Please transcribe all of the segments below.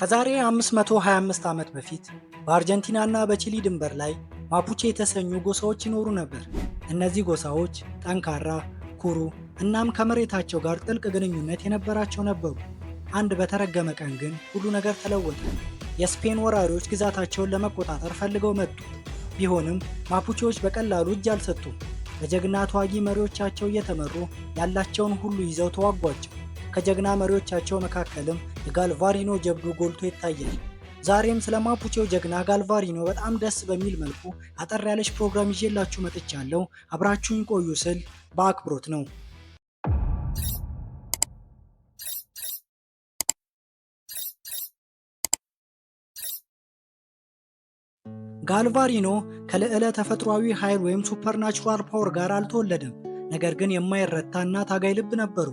ከዛሬ 525 ዓመት በፊት በአርጀንቲናና በቺሊ ድንበር ላይ ማፑቼ የተሰኙ ጎሳዎች ይኖሩ ነበር። እነዚህ ጎሳዎች ጠንካራ፣ ኩሩ እናም ከመሬታቸው ጋር ጥልቅ ግንኙነት የነበራቸው ነበሩ። አንድ በተረገመ ቀን ግን ሁሉ ነገር ተለወጠ። የስፔን ወራሪዎች ግዛታቸውን ለመቆጣጠር ፈልገው መጡ። ቢሆንም ማፑቼዎች በቀላሉ እጅ አልሰጡም። በጀግና ተዋጊ መሪዎቻቸው እየተመሩ ያላቸውን ሁሉ ይዘው ተዋጓቸው። ከጀግና መሪዎቻቸው መካከልም የጋልቫሪኖ ጀብዱ ጎልቶ ይታያል። ዛሬም ስለ ማፑቼው ጀግና ጋልቫሪኖ በጣም ደስ በሚል መልኩ አጠር ያለች ፕሮግራም ይዤላችሁ መጥቻለሁ። አብራችሁኝ ቆዩ ስል በአክብሮት ነው። ጋልቫሪኖ ከልዕለ ተፈጥሯዊ ኃይል ወይም ሱፐርናቹራል ፓወር ጋር አልተወለደም። ነገር ግን የማይረታ እና ታጋይ ልብ ነበሩ።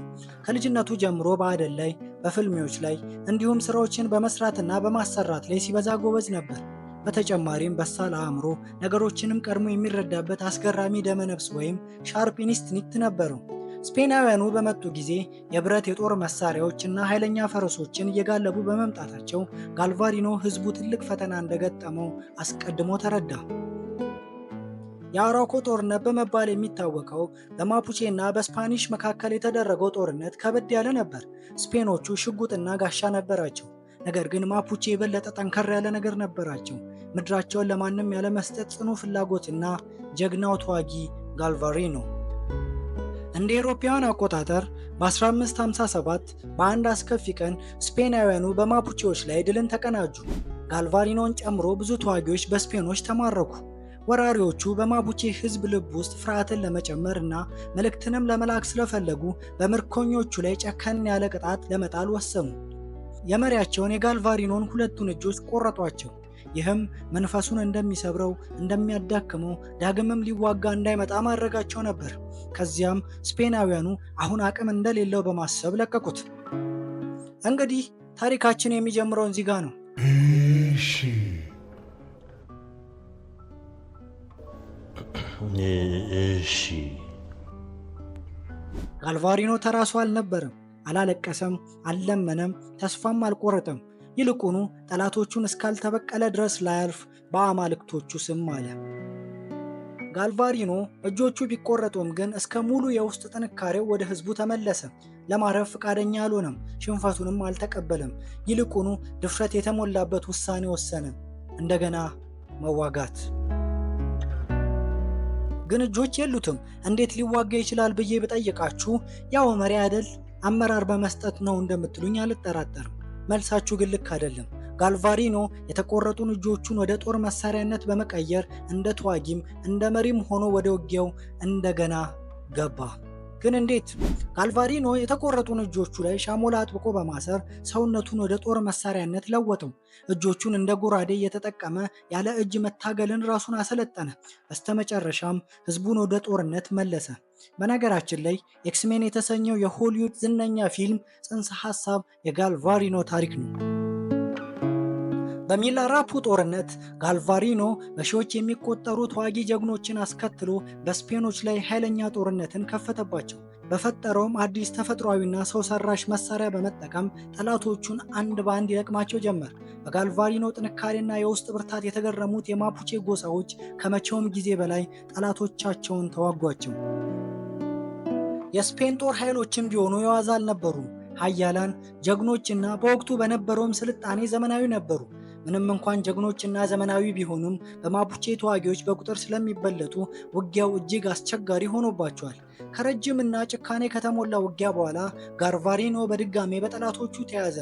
ከልጅነቱ ጀምሮ በአደን ላይ፣ በፍልሚዎች ላይ እንዲሁም ስራዎችን በመስራትና በማሰራት ላይ ሲበዛ ጎበዝ ነበር። በተጨማሪም በሳል አእምሮ፣ ነገሮችንም ቀድሞ የሚረዳበት አስገራሚ ደመነፍስ ወይም ሻርፕ ኢንስቲንክት ነበረው። ስፔናውያኑ በመጡ ጊዜ የብረት የጦር መሳሪያዎችና ኃይለኛ ፈረሶችን እየጋለቡ በመምጣታቸው ጋልቫሪኖ ህዝቡ ትልቅ ፈተና እንደገጠመው አስቀድሞ ተረዳ። የአራኮ ጦርነት በመባል የሚታወቀው በማፑቼና በስፓኒሽ መካከል የተደረገው ጦርነት ከበድ ያለ ነበር። ስፔኖቹ ሽጉጥና ጋሻ ነበራቸው፣ ነገር ግን ማፑቼ የበለጠ ጠንከር ያለ ነገር ነበራቸው። ምድራቸውን ለማንም ያለመስጠት ጽኑ ፍላጎትና ጀግናው ተዋጊ ጋልቫሪኖ እንደ ኤሮፓውያን አቆጣጠር በ1557 በአንድ አስከፊ ቀን ስፔናውያኑ በማፑቼዎች ላይ ድልን ተቀናጁ። ጋልቫሪኖን ጨምሮ ብዙ ተዋጊዎች በስፔኖች ተማረኩ። ወራሪዎቹ በማቡቼ ህዝብ ልብ ውስጥ ፍርሃትን ለመጨመር እና መልእክትንም ለመላክ ስለፈለጉ በምርኮኞቹ ላይ ጨከን ያለ ቅጣት ለመጣል ወሰኑ። የመሪያቸውን የጋልቫሪኖን ሁለቱን እጆች ቆረጧቸው። ይህም መንፈሱን እንደሚሰብረው እንደሚያዳክመው፣ ዳግምም ሊዋጋ እንዳይመጣ ማድረጋቸው ነበር። ከዚያም ስፔናውያኑ አሁን አቅም እንደሌለው በማሰብ ለቀቁት። እንግዲህ ታሪካችን የሚጀምረውን ዚጋ ነው። እሺ እሺ። ጋልቫሪኖ ተራሱ አልነበረም። አላለቀሰም፣ አልለመነም፣ ተስፋም አልቆረጠም። ይልቁኑ ጠላቶቹን እስካልተበቀለ ድረስ ላያልፍ በአማልክቶቹ ስም አለ። ጋልቫሪኖ እጆቹ ቢቆረጡም ግን እስከ ሙሉ የውስጥ ጥንካሬው ወደ ህዝቡ ተመለሰ። ለማረፍ ፈቃደኛ አልሆነም፣ ሽንፈቱንም አልተቀበለም። ይልቁኑ ድፍረት የተሞላበት ውሳኔ ወሰነ፣ እንደገና መዋጋት። ግን እጆች የሉትም፣ እንዴት ሊዋጋ ይችላል ብዬ ብጠይቃችሁ ያው መሪ አይደል አመራር በመስጠት ነው እንደምትሉኝ አልጠራጠርም። መልሳችሁ ግን ልክ አይደለም። ጋልቫሪኖ የተቆረጡን እጆቹን ወደ ጦር መሳሪያነት በመቀየር እንደ ተዋጊም እንደ መሪም ሆኖ ወደ ውጊያው እንደገና ገባ። ግን እንዴት? ጋልቫሪኖ የተቆረጡን እጆቹ ላይ ሻሞላ አጥብቆ በማሰር ሰውነቱን ወደ ጦር መሳሪያነት ለወጠው። እጆቹን እንደ ጎራዴ እየተጠቀመ ያለ እጅ መታገልን ራሱን አሰለጠነ። በስተመጨረሻም ህዝቡን ወደ ጦርነት መለሰ። በነገራችን ላይ ኤክስሜን የተሰኘው የሆሊውድ ዝነኛ ፊልም ጽንሰ ሀሳብ የጋልቫሪኖ ታሪክ ነው። በሚላራፑ ጦርነት ጋልቫሪኖ በሺዎች የሚቆጠሩ ተዋጊ ጀግኖችን አስከትሎ በስፔኖች ላይ ኃይለኛ ጦርነትን ከፈተባቸው። በፈጠረውም አዲስ ተፈጥሯዊና ሰው ሰራሽ መሳሪያ በመጠቀም ጠላቶቹን አንድ በአንድ ይለቅማቸው ጀመር። በጋልቫሪኖ ጥንካሬና የውስጥ ብርታት የተገረሙት የማፑቼ ጎሳዎች ከመቼውም ጊዜ በላይ ጠላቶቻቸውን ተዋጓቸው። የስፔን ጦር ኃይሎችም ቢሆኑ የዋዛ አልነበሩም። ኃያላን ጀግኖችና በወቅቱ በነበረውም ስልጣኔ ዘመናዊ ነበሩ። ምንም እንኳን ጀግኖችና ዘመናዊ ቢሆኑም በማፑቼ ተዋጊዎች በቁጥር ስለሚበለጡ ውጊያው እጅግ አስቸጋሪ ሆኖባቸዋል። ከረጅም እና ጭካኔ ከተሞላ ውጊያ በኋላ ጋርቫሪኖ በድጋሜ በጠላቶቹ ተያዘ።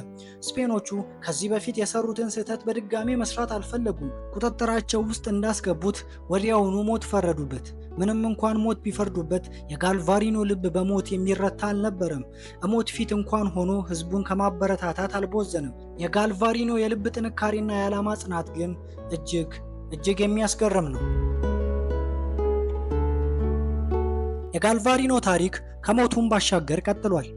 ስፔኖቹ ከዚህ በፊት የሰሩትን ስህተት በድጋሜ መስራት አልፈለጉም። ቁጥጥራቸው ውስጥ እንዳስገቡት ወዲያውኑ ሞት ፈረዱበት። ምንም እንኳን ሞት ቢፈርዱበት የጋልቫሪኖ ልብ በሞት የሚረታ አልነበረም። እሞት ፊት እንኳን ሆኖ ህዝቡን ከማበረታታት አልቦዘንም። የጋልቫሪኖ የልብ ጥንካሬና የዓላማ ጽናት ግን እጅግ እጅግ የሚያስገርም ነው። የጋልቫሪኖ ታሪክ ከሞቱም ባሻገር ቀጥሏል።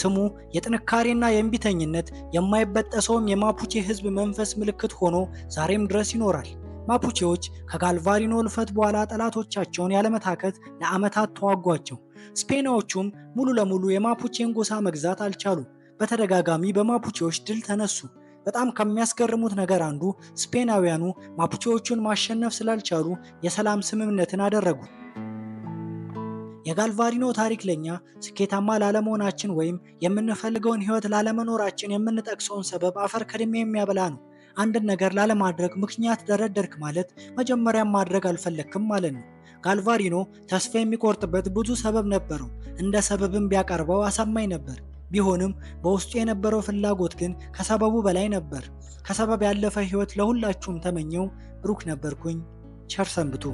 ስሙ የጥንካሬና የእምቢተኝነት የማይበጠሰውም የማፑቼ ሕዝብ መንፈስ ምልክት ሆኖ ዛሬም ድረስ ይኖራል። ማፑቼዎች ከጋልቫሪኖ ልፈት በኋላ ጠላቶቻቸውን ያለመታከት ለዓመታት ተዋጓቸው። ስፔናዎቹም ሙሉ ለሙሉ የማፑቼን ጎሳ መግዛት አልቻሉ። በተደጋጋሚ በማፑቼዎች ድል ተነሱ። በጣም ከሚያስገርሙት ነገር አንዱ ስፔናውያኑ ማፑቼዎቹን ማሸነፍ ስላልቻሉ የሰላም ስምምነትን አደረጉ። የጋልቫሪኖ ታሪክ ለኛ ስኬታማ ላለመሆናችን ወይም የምንፈልገውን ህይወት ላለመኖራችን የምንጠቅሰውን ሰበብ አፈር ከድሜ የሚያበላ ነው። አንድን ነገር ላለማድረግ ምክንያት ደረደርክ ማለት መጀመሪያም ማድረግ አልፈለግክም ማለት ነው። ጋልቫሪኖ ተስፋ የሚቆርጥበት ብዙ ሰበብ ነበረው። እንደ ሰበብም ቢያቀርበው አሳማኝ ነበር። ቢሆንም በውስጡ የነበረው ፍላጎት ግን ከሰበቡ በላይ ነበር። ከሰበብ ያለፈ ህይወት ለሁላችሁም ተመኘው። ብሩክ ነበርኩኝ። ቸር ሰንብቱ።